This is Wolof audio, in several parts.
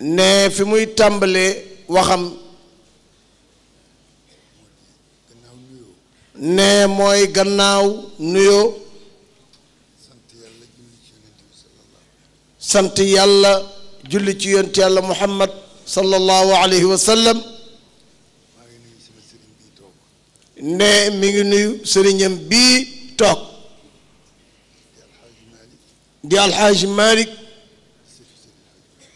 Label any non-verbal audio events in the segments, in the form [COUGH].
ne fi muy tambalé waxam ne moy gannaaw nuyo sant yàlla julli ci yent yàlla muhammad sallallahu alayhi wa sallam ne mi ngi nuyu serignam bi tok di alxaaji malik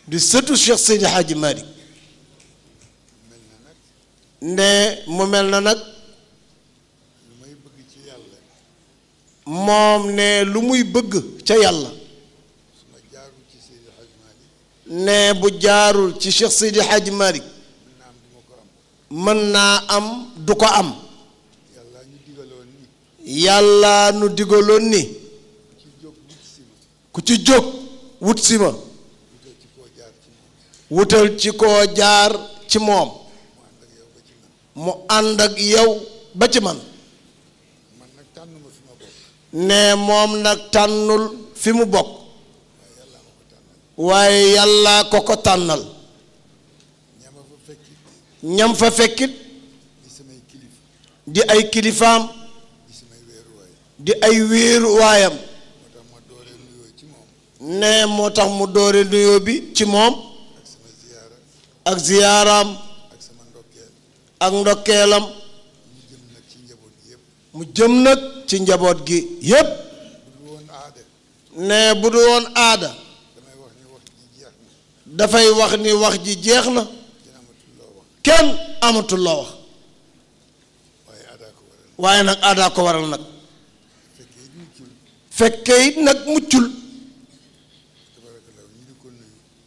di sëtu Cheikh Seydi Hadji Malick ne mu mel na nag moom ne lu muy bëgg ca yàlla ne bu jaarul ci Cheikh Seydi Hadji Malick mën naa am du ko am yàlla nu digaloon ni ku ci jóg wut si ma wutal ci ko jaar ci moom mu ànd ak yow ba ci man ne moom nag tànnul fi mu bokk waaye yàlla ko ko tànnal ñam fa fekkit di ay kilifaam di ay wéeru waayam ne moo tax mu doore nuyoo bi ci moom ak ziyaaraam ak ndokkeelam mu jëm nag ci njaboot gi yépp ne bu du woon aada dafay wax ni wax ji jeex na kenn amatul loo wax waaye nag aadaa ko waral nag fekke it nag muccul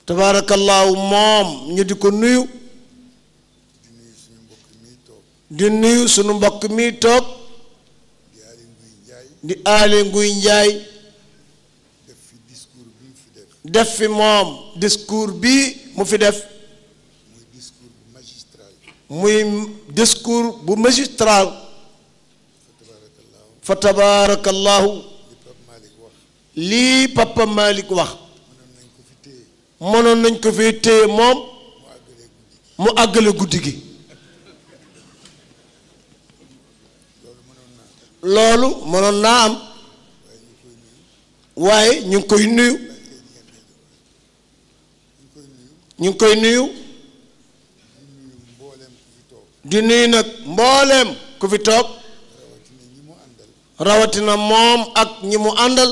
tabaarakallaahu moom ñu di ko nuyu di nuyu sunu mbokk mi toog di aali nguy njaay def fi moom discours bii mu fi def muy discours bu magistral fa tabaarakallaahu lii Papa Malick wax mënoon nañ ko fee téye moom mu àggale guddi gi loolu mënoon naa am waaye ñu ngi koy nuyu ñu ngi koy nuyu di nuyu nag mbooleem ku fi toog rawatina moom ak ñi mu àndal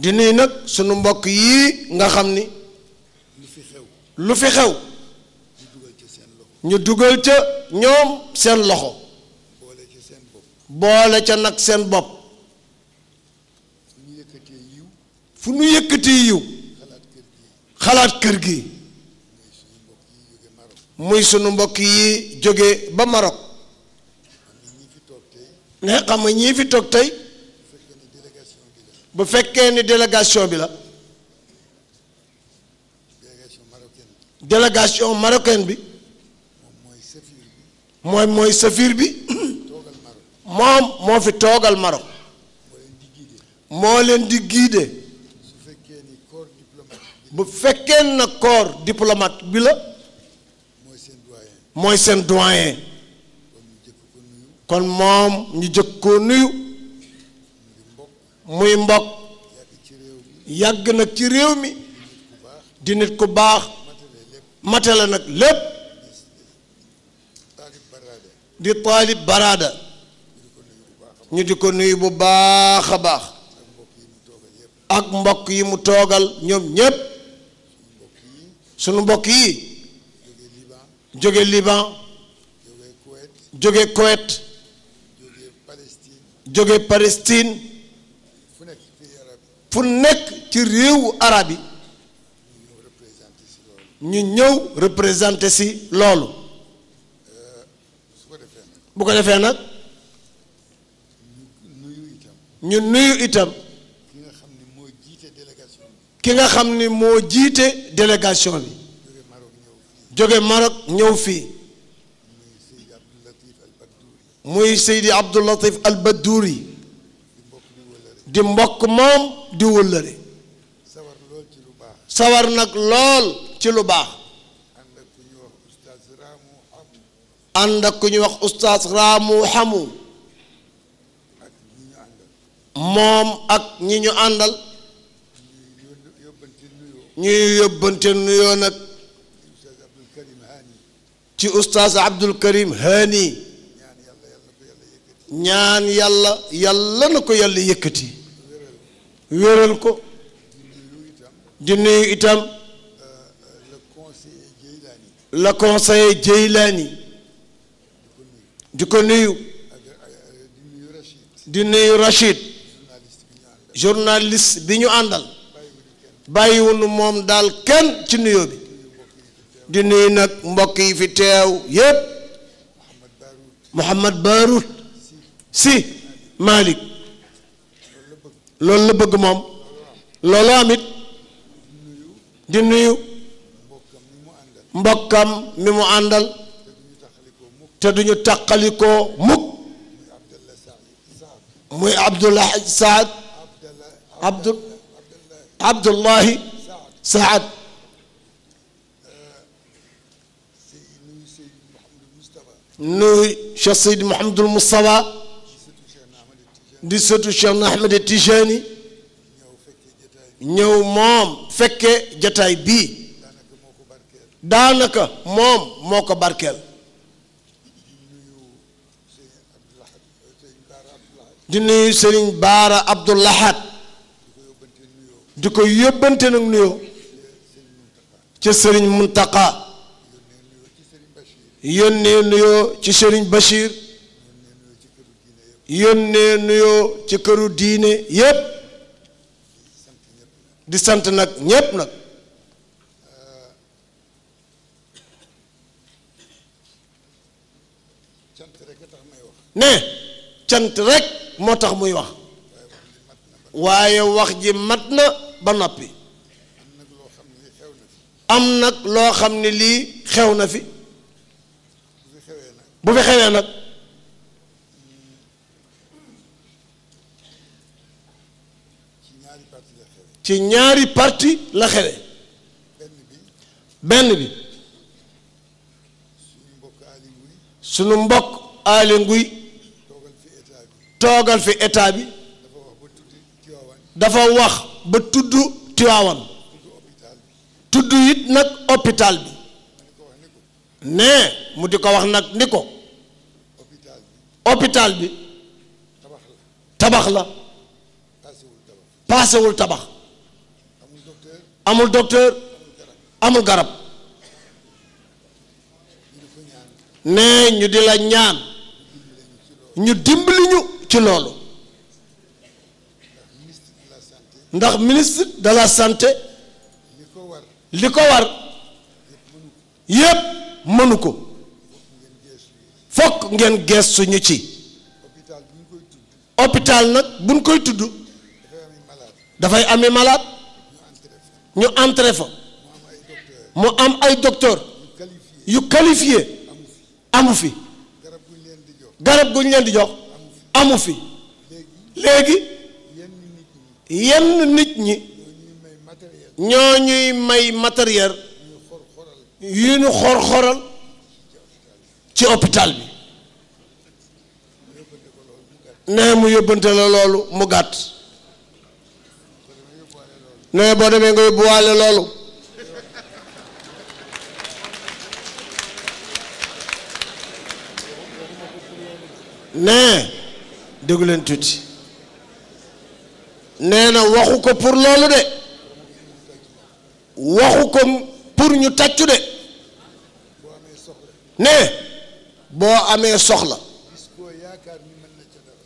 di nag sunu mbokk yii nga xam ni lu fi xew lu fi xew ñu dugal ca ñoom seen loxo boole ca nag seen bopp fu nu yëkkatee yiw xalaat kër gi muy sunu mbokk yi jóge ba Maroc ne xam nga ñii fi toog tey bu fekkee ni délégation bi la délégation marocaine bi mooy mooy safir bi moom moo fi toogal Maroc moo leen di guider bu fekkee na corps diplomate bi la mooy seen doyen kon moom ñu jëkk koo nuyu muy mbokk yàgg nag ci réew mi di nit ku baax matale nag lépp di taalib baraada ñu di ko nuyu bu baax a baax ak mbokk yi mu toogal ñoom ñépp sunu mbokk yi jóge Liban jóge Koweït jóge Palestine fu nekk ci réewu arab yi ñu ñëw représenté si loolu bu ko defee nag ñu nuyu itam ki nga xam ni moo jiite délégation bi jóge Maroc ñëw fii muy Seydi Abdoulatif Al yi di mbokk moom di wëllëre sawar nag lool ci lu baax ànd ak ku ñuy wax ustaas raamu xamu moom ak ñi ñu àndal ñuy yóbbante nuyoo nag ci ustaas abdul karim haani ñaan yàlla yàlla na ko yàlla yëkkati wéral ko di nuyu itam le conseiller Djeylani di ko nuyu di nuyu Rachid journaliste bi ñu àndal bàyyiwunu moom daal kenn ci nuyoo bi di nuyu nag mbokk yi fi teew yépp Mouhamad Barout si Malick loolu la bëgg moom loolu am it di nuyu mbokkam mi mu àndal te duñu tàqalikoo mukk muy Abdullahi Saad Abdu Abdullahi Saad nuyu Cheikh Seydi Mouhamadul Moustapha di sëtu Cheikh na Ahmed Tijani ñëw moom fekke jataay bii daanaka moom moo ko barkeel di nuyu sëriñ Baara Abdul Ahad di ko yóbbante nag nuyoo ca sëriñ Muntaka yónnee nuyoo ci sëriñ Bachir yónnee nuyoo ci këru diine yépp di sant nag ñépp nag ne cant rekk moo tax muy wax waaye wax ji mat na ba noppi am nag loo xam ne lii xew na fi bu fi xewee nag ci ñaari parti la xewe benn bi sunu mbokk aali nguy toogal fi état bi dafa wax ba tudd Tiwaawan tudd it nag hôpital bi nee mu di ko wax nag ni ko hôpital bi tabax la paasewul tabax amul docteur amul garab ne ñu di la ñaan ñu dimbali ñu ci loolu ndax ministre de la santé li ko war yépp mënu ko fokk ngeen geestu ñu ci hôpital nag buñ koy tudd dafay ami malade ñu entré téléphone mu am ay docteur yu qualifié amu fi garab gu ñu leen di jox amu fi léegi yenn nit ñi ñoo ñuy may matériel yu ñu xor-xoral ci hôpital bi nee mu yóbbante la loolu mu gàtt ne boo demee nga yóbbuwaale loolu nee déglu leen tuuti nee na waxu ko pour loolu de waxu ko pour ñu tàccu de nee boo amee soxla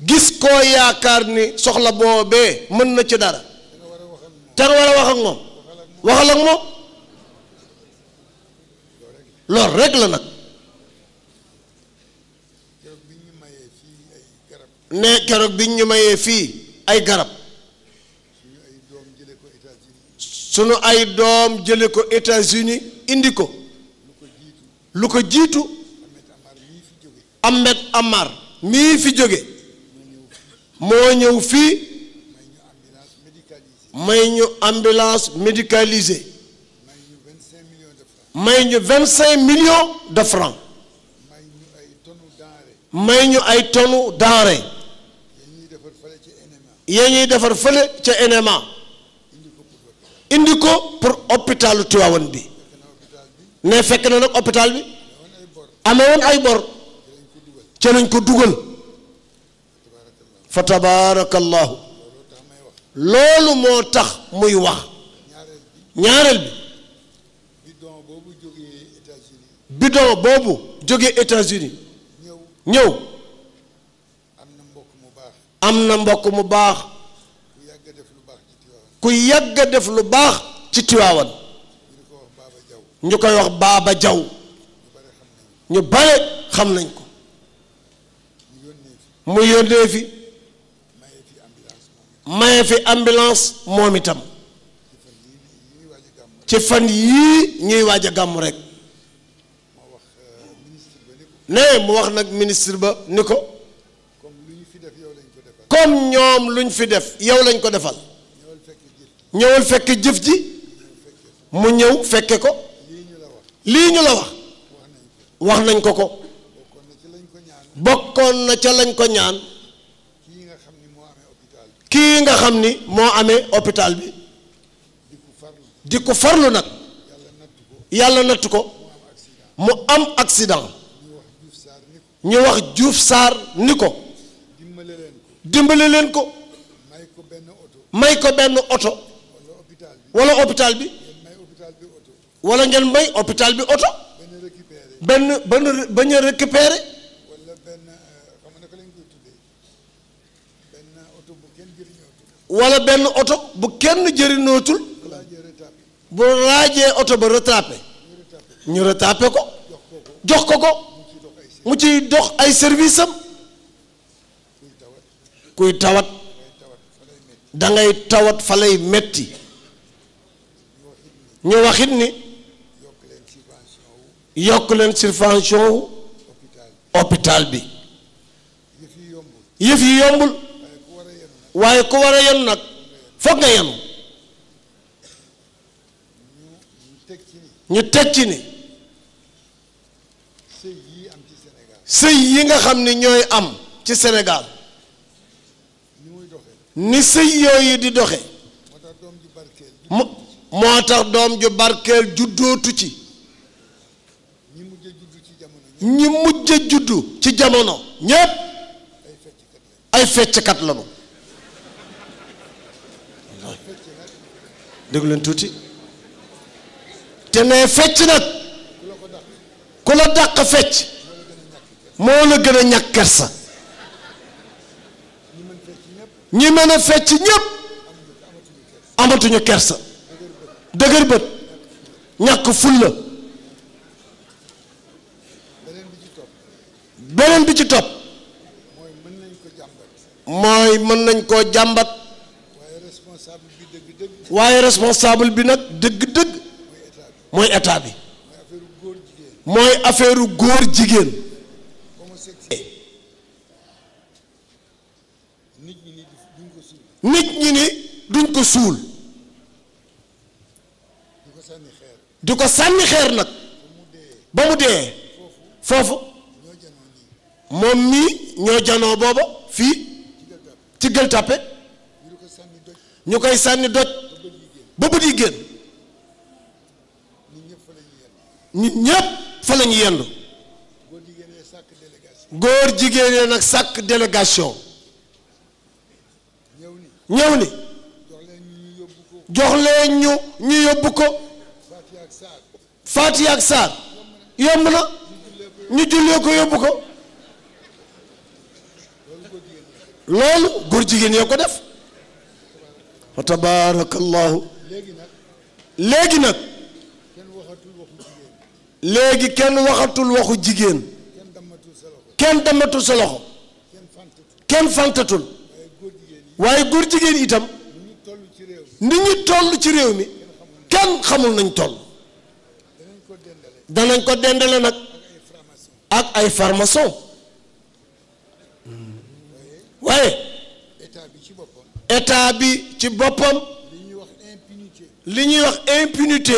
gis koo yaakaar ni soxla boobee mën na ci dara car war a wax ak moom waxal ak moom loolu rek la nag ne keroog bi ñu mayee fii ay garab sunu ay doom jële ko États-Unis indi ko lu ko jiitu Ahmed Amar mii fi jóge moo ñëw fii may une ambulance médicalisée may ñu millions de francs may ñu ay tonu denrée yee ñuy defar faire... NMA indi ko pour hôpitalu Tivaouane bi ne fekk na un hôpital bi un woon ay bor ca loolu moo tax muy wax ñaareel bi bidon boobu jógee États-Unis ñëw am na mbokk mu baax ku yàgg a def lu baax ci Tiwaawan ñu koy wax Baaba Jaw ñu bare xam nañ ko mu yónnee fi maye fi ambulance moom itam ci fan yii ñuy waaj a gàmm rek ne mu wax nag ministre ba ni ko comme ñoom luñ fi def yow lañ ko defal ñëwal fekk jëf ji mu ñëw fekke ko lii ñu la wax wax nañ ko ko bokkoon na ca lañ ko ñaan kii nga xam ni moo amee hôpital bi di ko farlu nag yàlla natt ko mu am accident ñu wax Diouf Sarr ni ko dimbale leen ko may ko benn oto wala hôpital bi wala ngeen may hôpital bi oto benn benn bañ a wala ben oto bu kenn nutul, bu laajee oto ba rattrapé ñu rattrapé ko jox ko ko mu ciy dox ay kuy tawat da ngay tawat fa metti ñu waxit ni yokk leen subvention wu hôpital bi yi yombul waaye ku war a yenu nag foog nga yenu ñu teg ci ni sëy yi nga xam ni ñooy am ci Sénégal ni sëy yooyu di doxe moo tax doom ju barkeel juddootu ci ñi mujj a juddu ci jamono ñépp ay fecckat lañu déglu leen tuuti te nee fecc nag ku la dàq fecc moo la gën a ñàkk kersa ñi mën a fecc ñépp amatuñu kersa dëgër bët ñàkk fulla beneen bi ci topp mooy mën nañ koo jàmbat waaye responsable bi nag dëgg-dëgg mooy état bi mooy affaire góor jigéen nit ñi ni duñ ko suul di ko sànni xeer nag ba mu dee foofu moom mii ñoo janoo booba fii ci gël tàppe ñu koy sànni doj ba bët yi génn nit ñépp fa la yendu góor jigéen nag sàkk délégation ñëw ni jox ñu ñu yóbbu ko Faatiya ak Saar yomb na ñu jullee ko yóbbu ko loolu góor jigéen yee ko def wa tabaarakallahu léegi nag léegi kenn waxatul waxu jigéen kenn damatul sa loxo kenn fantatul waaye góor jigéen itam ni ñu toll ci réew mi kenn xamul nañ toll danañ ko dendale nag ak ay farmason hmm. waaye état bi ci boppam li ñuy wax impunité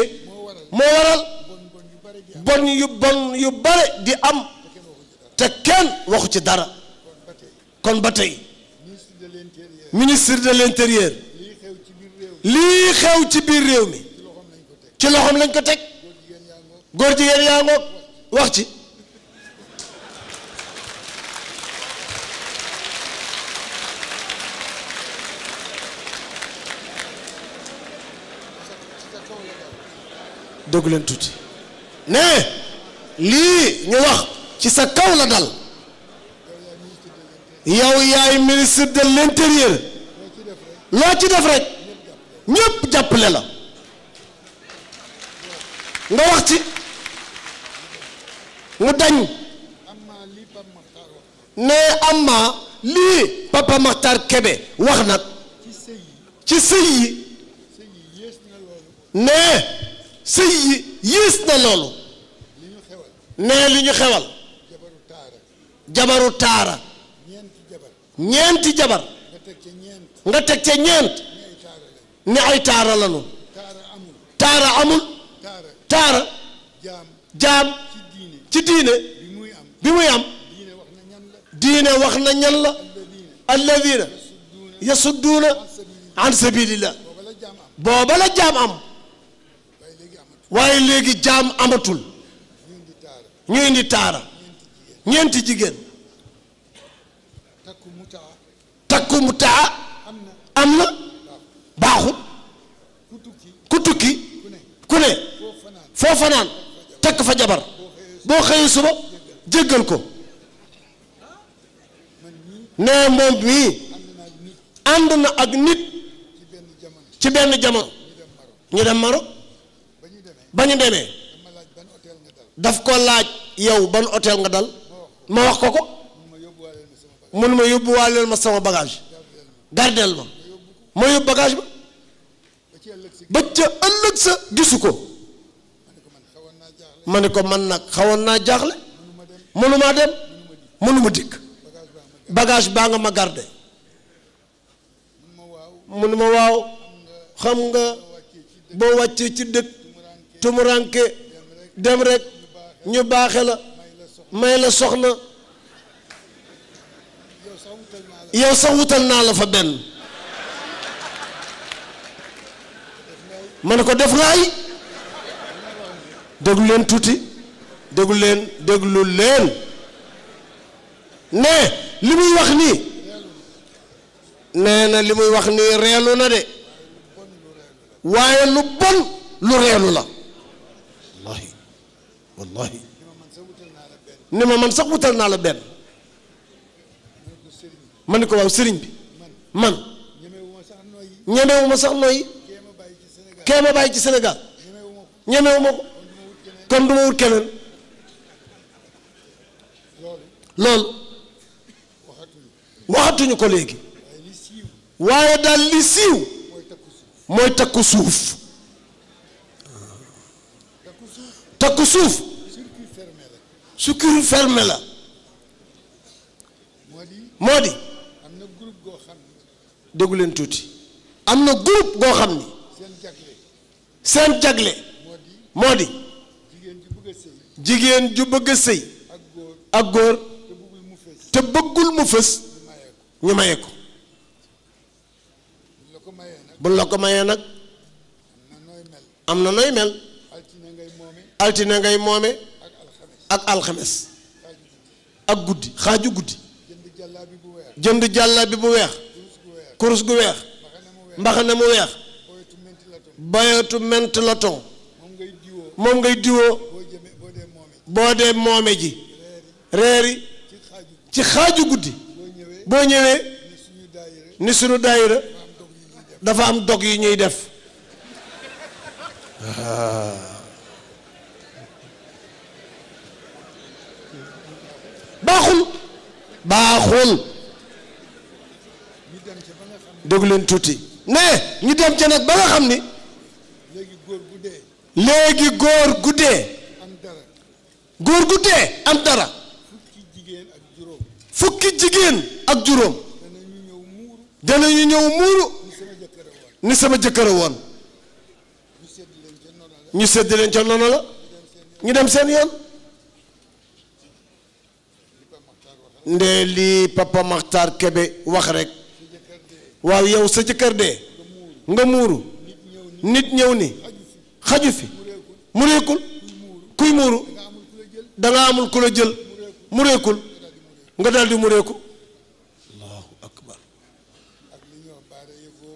moo waral bon yu bon yu bare di am te kenn waxu ci dara kon ba tey ministre de l'intérieur lii xew ci biir réew mi ci loxoom lañ ko teg góor jigéen yaa ngoog wax ci déggu leen tuuti ne lii ñu wax ci sa kaw la dal yow yaay ministre de l'intérieur loo ci def rek ñëpp jàppale la nga wax ci mu dañ ne amma lii Papa Makhtar wax nag ci sëy yi ne sëy yi yées na loolu nee li ñu xewal jabaru taara ñeenti jabar nga teg ca ñeent ni ay taara lanu taara amul taara jaam ci diine bi muy am diine wax na ñan la alladina yasudduuna an sabilillah booba la jaam am waaye léegi jaam amatul ñu indi taara ñeenti jigéen takku mu taa am na baaxut ku tukki ku ne foo fanaan takk fa jabar boo xëyee suba jéggal ko nee moom mii ànd na ak nit ci benn jamono ñu dem Maroc ba ñu demee daf ko laaj yow ban otel nga dal ma wax ko ko mun ma yóbbuwaaleel ma sama bagage gardeel ma ma yóbbu bagage ba ba ca ëllëg sa gisu ko ma ne ko man nag xawoon naa jaaxle mënumaa dem mënuma dikk bagage baa nga ma garde mënuma waaw xam nga boo wàccee ci dëkk tumuranke dem rek ñu baaxe la may la soxna yow sax wutal naa la fa benn ma ne ko def nga ay déglu leen tuuti déglu leen déglu leen ne li muy wax nii nee na li muy wax nii reelu na de waaye lu bon lu reelu la wallahi ni ma man sax wutal naa la benn ma ni ko waaw sëriñ bi man ñemewuma sax nooyi kee ma bàyyi ci Sénégal ñemewuma ko kon du ma wut keneen loolu waxatuñu ko léegi waaye daal li siiw mooy takku suuf takk suuf circuit fermé la moo di déggu tuuti am na groupe goo xam ni seen jagle moo di jigéen ju bëgg sëy ak góor te bëggul mu fës ñu maye ko bu la ko mayee nag am na nooy mel altine ngay moome ak alxames ak guddi xaaju guddi jënd jàlla bu weex kurus gu weex mbaxana mu weex bayatu ment la ton moom ngay diwoo boo dee moome ji reeri ci xaaju guddi boo ñëwee ni sunu daayira dafa am dog yi ñuy def [LAUGHS] baxul baxul déglu leen tuuti ne ñu dem ci nak ba nga xamni legi gor góor guddee góor guddee am dara fukki jigen ak jurom dana ñu ñew muru ni sama jëkkër won ñu sédd leen ci nonala ñu dem seen yoon nde lii papa Makhtar wax rek waaw yow sa kër dee nga muuru nit ñëw ni xaju fi mu kuy muuru danga amul ku la jël mu nga daldi mu réeku allahu akbar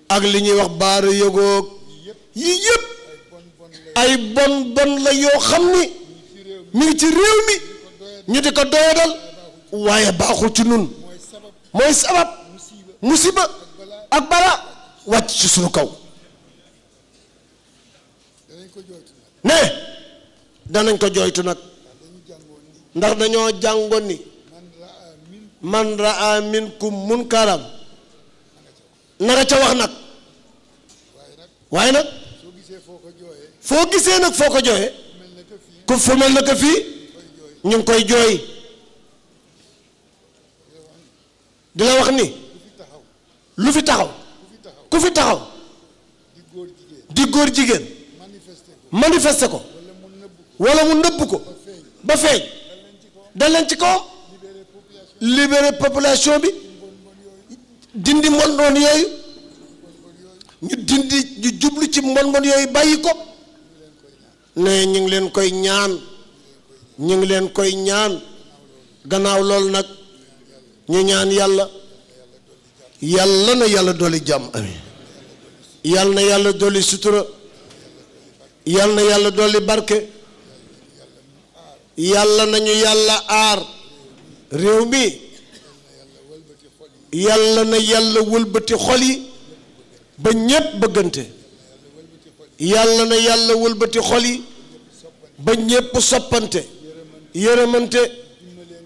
ak li ñuy wax baara yëgoog yii yëpp ay bon bon la yoo xam ni mi ngi ci réew mi ñu ko doyadal waaye baaxul ci nun mooy sabab musiba ak bala wàcc ci sunu kaw ne danañ ko jooytu nag ndax dañoo jàngoon ni man raa minkum munkaram nanga ca wax nag waaye nag foo gisee nag foo ko jooyee ku fu mel na ko fii ñu ngi koy jooy di la wax ni lu fi taxaw ku fi taxaw di góor jigéen manifester ko wala mu nëbb ko ba feeñ dal ci kaw libérer population bi dindi mbon mbon yooyu ñu dindi ñu jublu ci mbon yooyu bàyyi ko ne ñu ngi leen koy ñaan ñu ngi leen koy ñaan gannaaw loolu nag ñu ñaan yàlla yàlla na yàlla dolli jàmm yàlla na yàlla dolli sutura yàlla na yàlla dolli barke yàlla nañu yàlla aar réew mi yàlla na yàlla wëlbati xol yi ba ñépp bëggante yàlla na yàlla wëlbati xol yi ba ñépp soppante yërëmante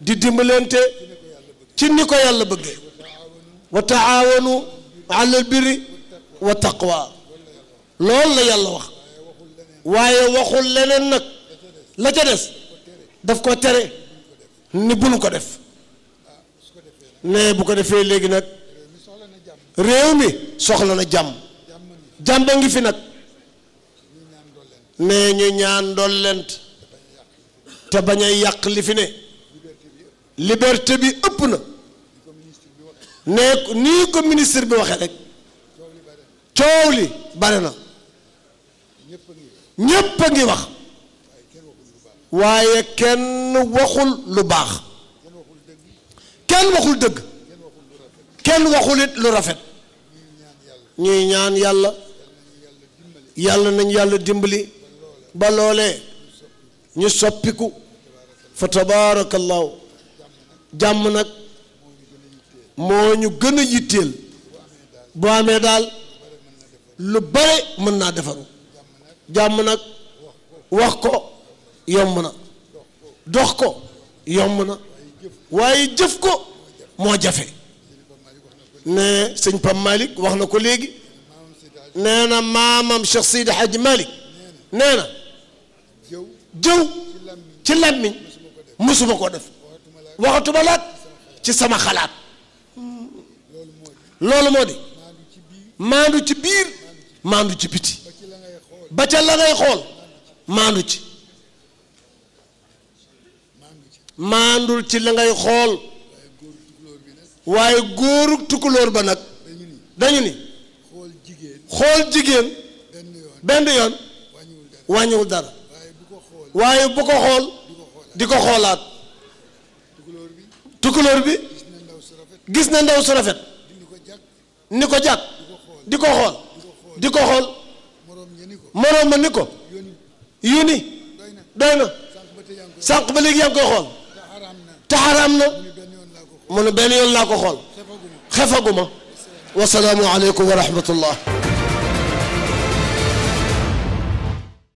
di dimbalante ci ni ko yàlla bëggee wa taawanu ala albirri wa taqwa loolu la yàlla wax waaye waxul leneen nag la ca des daf ko tere ni buñ ko def ne bu ko defee léegi nag réew mi soxla na jàmm jàmm ngi fi nag ne ñu ñaan dollent te bañ a yàq li fi ne liberté bi ëpp na ne ni ko ministre bi waxe rek coow li bare na ñépp ngi wax waye kenn waxul lu bax kenn waxul dëgg kenn waxul it lu rafet ñi ñaan yàlla yàlla nañ yàlla dimbali ba lolé ñu soppiku fa tabaarakallaahu jàmm nag moo ñu gën a yitteel boo amee daal lu bare mën naa defaru jàmm nag wax ko yomb na dox ko yomb na waaye jëf ko moo jafe ne sëñ Pam Malick wax na ko léegi nee na maamam Cheikh Seydi Hadji Malick nee na jëw ci làmmiñ mësuma ko def waxatuma laat ci sama xalaat loolu moo di maandu ci biir maandu ci biti ba ca la ngay xool maandu ci maandul ci la ngay xool waaye góoru tukulóor ba nag dañu ni xool jigéen benn yoon wàññiwul dara waaye bu ko xool di ko xoolaat تكلور بي غيس نانداو سرافيت نيكو جاك ديكو خول ديكو خول مروم نيكو يوني داينا سانك بليك يانكو خول تحرامنا من بين يون لاكو خول خفاكوما والسلام عليكم ورحمه الله